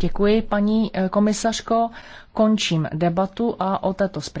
Děkuji, paní eh, komisařko. Končím debatu a o této zprávě.